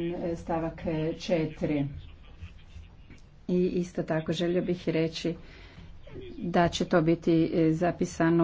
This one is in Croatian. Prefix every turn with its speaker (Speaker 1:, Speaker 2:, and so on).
Speaker 1: E, stavak 4. E, I isto tako želio bih reći da će to biti e, zapisano